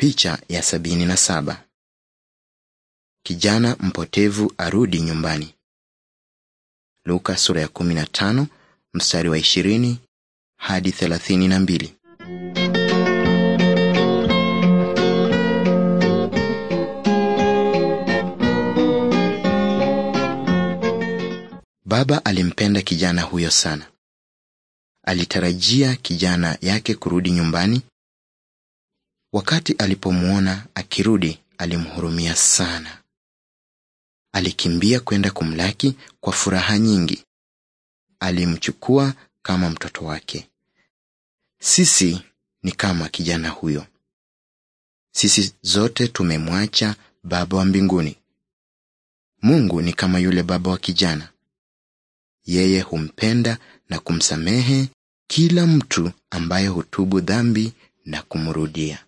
Picha ya sabini na saba. Kijana mpotevu arudi nyumbani. Luka sura ya kumi na tano mstari wa ishirini hadi thelathini na mbili. Baba alimpenda kijana huyo sana. Alitarajia kijana yake kurudi nyumbani Wakati alipomwona akirudi, alimhurumia sana. Alikimbia kwenda kumlaki kwa furaha nyingi. Alimchukua kama mtoto wake. Sisi ni kama kijana huyo. Sisi zote tumemwacha Baba wa mbinguni. Mungu ni kama yule baba wa kijana. Yeye humpenda na kumsamehe kila mtu ambaye hutubu dhambi na kumrudia.